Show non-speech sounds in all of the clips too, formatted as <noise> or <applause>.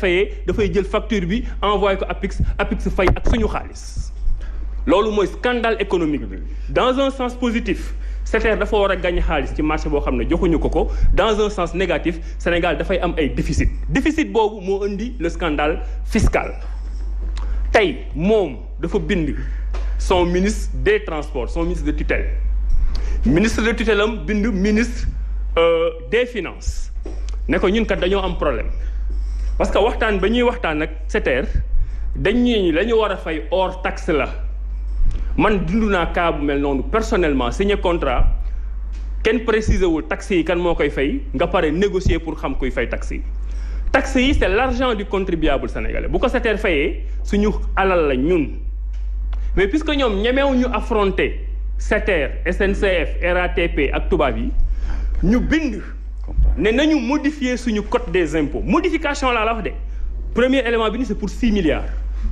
fayee dafay jël facture bi envoyé ko Apix Apix fay ak suñu xaalis loolu mooy scandale économique bi dans un sens positif SETER dafa war a gagné xaalis ci marché boo xam ne joxuñu ko ko dans un sens négatif Sénégal dafay am ay déficit déficit boobu moo indi le scandale fiscal tey moom dafa bind son ministre des transport son ministre de tutelle ministre de tutelle am bind ministre euh, des finances ne ko ñun kat dañoo am problème parce que waxtaan ba ñuy waxtaan ak SETER dañ ñi la ñu war a fay or taxe la man dund naa cas bu mel noonu personnellement signé contrat kenn préciser wul taxe yi kan moo koy fay nga pare négocier pour xam kuy fay taxe yi. tax yi c' est du contribuable sénégalais bu ko SETER fayee suñu alal la ñun mais puisque ñoom ñemewuñu affronter SETER SNCF RATP ak tubaab yi ñu bind. ne nañu modifier suñu code des impôts modification laa la wax de premier élément bi ni c'est pour six milliards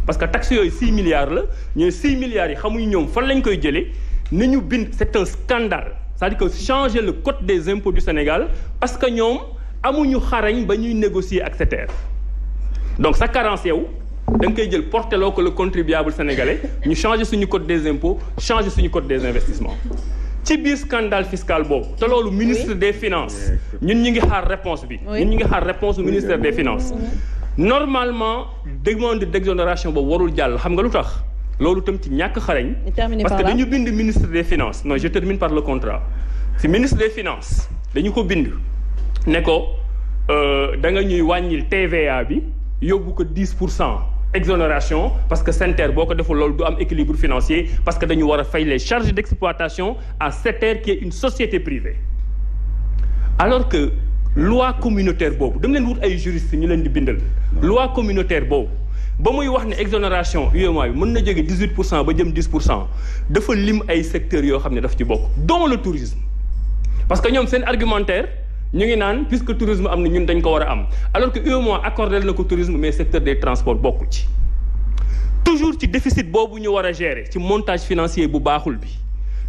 parce que taxe yooyu 6 milliards la ñooy 6 milliards yi xamuñu ñoom fan lañu koy jëlee ñu bind c'est un scandale cest à que changer le code des impôts du Sénégal parce que ñoom amuñu xarañ ba ñuy négocier ak SETER donc sa carence yow da koy jël porteloo ko le contribuable sénégalais ñu changer suñu code des impôts changer suñu code des investissements ci biir scandale fiscal boobu te loolu ministre des finances ñun ñu ngi xaar réponse bi ñun ñu ngi xaar réponse ministère des finances normalement demande d'exonération boobu warul jàll xam nga lu tax loolu tam ci ñàkk xarañ parce que dañu bind ministre des finances non je termine par le contrat si ministre des finances dañu ko bind ne ko euh, da nga ñuy wàññil TVA bi yóbbu ko 10 pour cent exonération parce que SENTER boo ko deful loolu du am équilibre financier parce que dañu war a fay les charges d'exploitation à SETER qui est une société privée alors que loi communautaire boobu dama leen wut ay juriste ñu leen di bindal loi communautaire boobu ba muy wax ne exonération UEMOA bi mën na jóge 18 pour cent ba jëm 10 pour cent dafa lim ay secteurs yoo xam ne daf ci bokk dont le tourisme parce que ñoom seen argumentaire ñu ngi naan puisque tourisme am na ñun dañ ko war a am alors que UEMOA accordé na ko tourisme mais secteur des transports bokkul ci toujours ci déficit boobu ñu war a gérer ci montage financier bu baaxul bi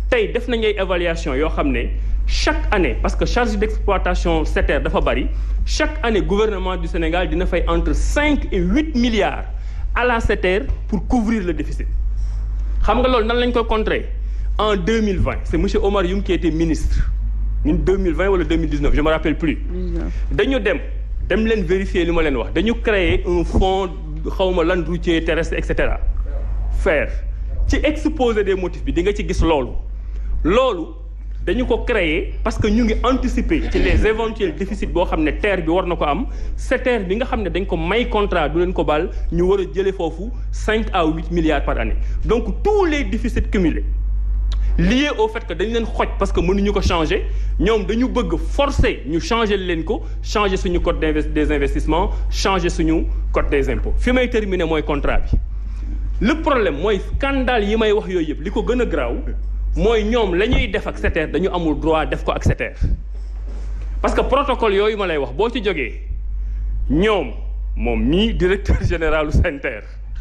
tey def nañ ay évaluation yoo xam ne chaque année parce que charge d'exploitation SETER dafa bari chaque année gouvernement du Sénégal dina fay entre cinq et huit milliards à la SETER pour couvrir le déficit xam nga loolu nan lañ ko contrer en deux mille vingt c'est monsieur Omar ministre ñun deux mille vingt wala deux mille dix neuf je me rappelle plus. dañu dem dem leen vérifier li ma leen wax dañu créer un fonds xawma lan routier terrestre et cetera. faire ci exposé des motifs bi di nga ci gis loolu. loolu dañu ko créer parce que ñu ngi anticiper ci les éventuels déficits boo xam ne terre bi war na ko am SETER bi nga xam ne dañ ko may contrat du leen ko baal ñu war a jëlee foofu cinq à huit milliards par année donc tous les déficits cumulés. lié au fait que dañu leen xoj parce que mënuñu ko changer ñoom dañu bëgg forcer ñu changer leen ko changer suñu code des investissements changer suñu code des impôts fi may terminer mooy contrat bi le problème mooy scandale yi may wax yooyu yëpp li ko gën a garaaw mooy ñoom lañuy def ak SETER dañu amul droit def ko ak SETER parce que protocole yooyu ma lay wax boo ci jógee ñoom moom mii directeur général u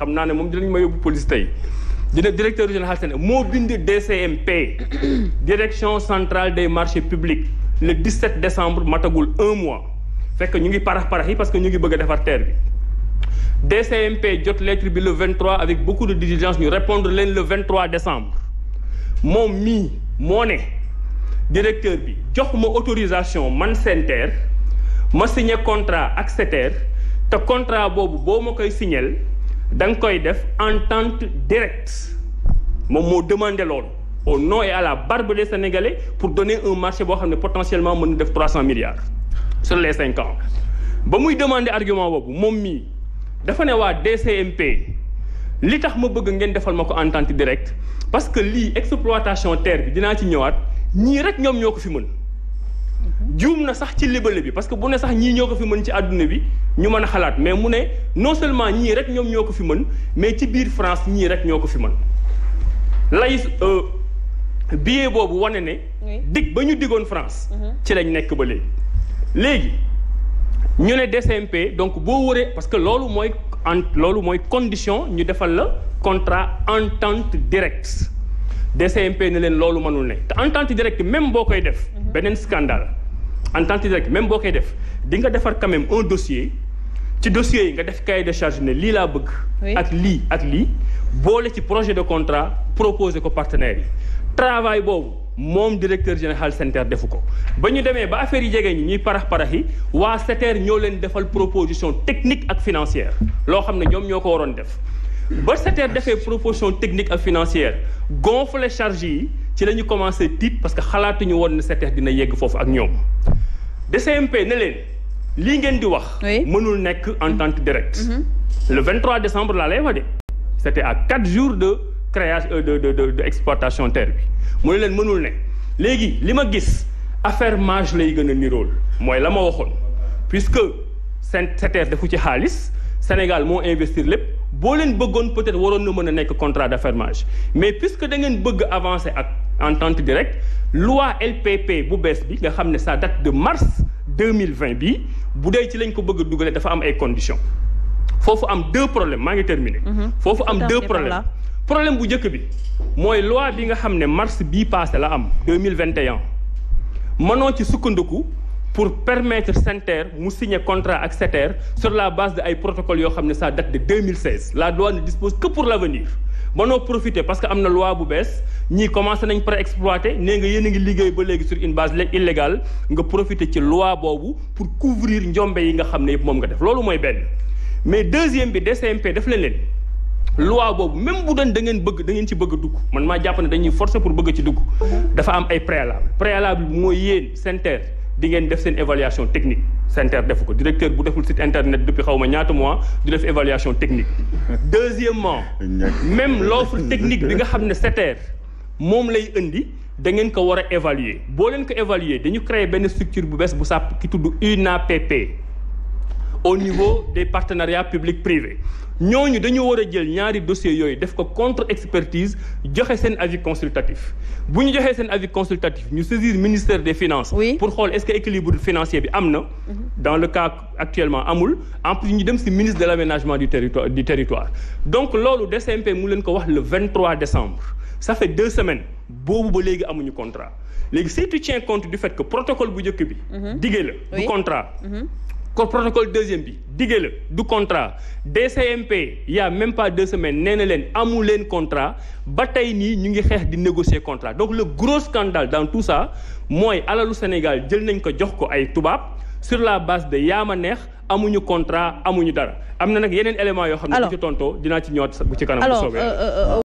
xam naa ne moom dinañ ma yóbbu police tey dina directeur général seen moo bind DCMP <coughs> direction centrale des marché publics le 17 décembre matagul un mois fekk ñu ngi parax parax yi parce que ñu ngi bëgg a defar terre bi DCMP jot lettre bi le vingt 23 avec beaucoup de diligence ñu répondre leen le 23 décembre moom mii moo ne directeur bi jox ma autorisation man seen terre ma signé contrat ak SETER te contrat boobu boo ma koy signel da nga koy def entente direct moom moo demandé loolu au nom et à la barbe des Sénégalais pour donner un marché boo xam ne potentiellement mën na def trois cent milliards sur les cinq ans ba muy demandé argument boobu moom mii dafa ne waa DCMP li tax ma bëgg ngeen defal ma ko entente direct parce que lii exploitation terre bi dinaa ci ñëwaat ñii rek ñoom ñoo ko fi mën juum na sax ci libale bi parce que bu ne sax ñii ñoo ko fi mën ci àdduna bi ñu mën a xalaat mais mu ne non seulement ñii rek ñoom ñoo ko fi mën mais ci biir France ñii rek ñoo ko fi mën lay euh, billet boobu wane ne dig ba ñu digoon France mhm. ci lañ nekk ba léegi léegi ñu ne dsmp donc boo wëree parce que loolu mooy en loolu mooy condition ñu defal la contrat entente directe DCMP ne leen loolu mënul ne te entente directe même boo koy def beneen scandale en tant que rek même boo koy def di nga defar quand même un dossier ci dossier yi nga def cahier de charge ne lii laa bëgg. ak lii ak lii boole ci projet de contrat proposé ko partenaires yi. travail boobu moom directeur général SETER defu ko ba ñu demee ba affaire yi jegee ñi ñuy parax parax yi waa SETER ñoo leen defal proposition technique ak financière loo xam ne ñoom ñoo ko waroon def ba SETER defee proposition technique ak financière gonfle charge yi. ci la ñu commencé tiit parce que xalaatuñu woon ne SETEF dina yegg foofu ak ñoom DCMP ne leen lii ngeen di wax. mënul nekk entente directe. Mm-hmm. Mm-hmm. le 23 décembre laa lay wax de. c' était à quatre jours de création euh, de de de de exploitation terre bi mu ne leen mënul ne léegi li ma gis affaire mage lay gën a nirool mooy la ma waxoon puisque seen SETEF defu ci xaalis Sénégal moo investir lépp. boo leen bëggoon peut-être waroon na mën a nekk contrat d'affermage mais puisque da ngeen bëgg avancer ak entente directe loi LPP bu bees bi nga xam ne ça date de mars 2020 bi bu dee ci lañ ko bëgg a dugalee dafa am ay condition foofu am deux problème maa ngi terminé. foofu am deux problèmes mhm. problème bu njëkk bi mooy loi bi nga xam ne mars bii passé la am 2021 mënoo ci sukkandiku. pour permettre SENTER mu signer contrat ak SETER sur la base de ay protocoles yoo xam ne ça date de 2016 la loi ne dispose que pour l'avenir mënoo profiter parce que am na loi bu bees ñii commencé nañ pré-exploiter nee nga yéen ngi liggéey ba léegi sur une base illégale nga profiter ci loi boobu pour couvrir njombe yi nga xam ne yëpp moom nga def loolu mooy benn. mais deuxième bi DCMP def leen leen loi boobu même bu doon da ngeen bëgg da ngeen ci bëgg dugg man maa jàpp ne dañuy forcer pour bëgg ci dugg dafa am ay préalable préalable bi mooy yéen SENTER di ngeen def seen évaluation technique. SENTER defu ko directeur bu deful site internet depuis xaw ma ñaata mois du def évaluation technique. deuxièmement même l'offre technique bi nga xam ne SETER moom lay indi da ngeen ko war a évaluer boo leen ko évaluer dañu créer benn structure bu bees bu sàpp ki tuddu UNAPP. au niveau des partenariats public privé ñooñu dañu war a jël ñaari dossiers yooyu def ko contre expertise joxe seen avis consultatif bu ñu joxee seen avis consultatif ñu saisir ministère des finances pour xool est-ce que équilibre financier bi am na mhm. dans le cas actuellement amul en plus ñu dem ci ministre de l'aménagement du territoire du territoire donc loolu DCMP mu leen ko wax le 23 décembre ça fait deux semaines boobu ba léegi amuñu contrat léegi si tu tiens compte du fait que protocole bu njëkk bi mhm. diggee la du kon protocole deuxième bi diggé la du contrat DCMP y' a même pas deux semaines nee na leen amu leen contrat ba tey nii ñu ngi xeex di négocier contrat donc le gros scandale dans tout ça mooy alalu Sénégal jël nañ ko jox ko ay tubaab sur la base de yaama neex amuñu contrat amuñu dara am na nag yeneen éléments yoo xam ne bu ci tontoo dinaa ci ñëwaat bu ci kanam bu soobee euh,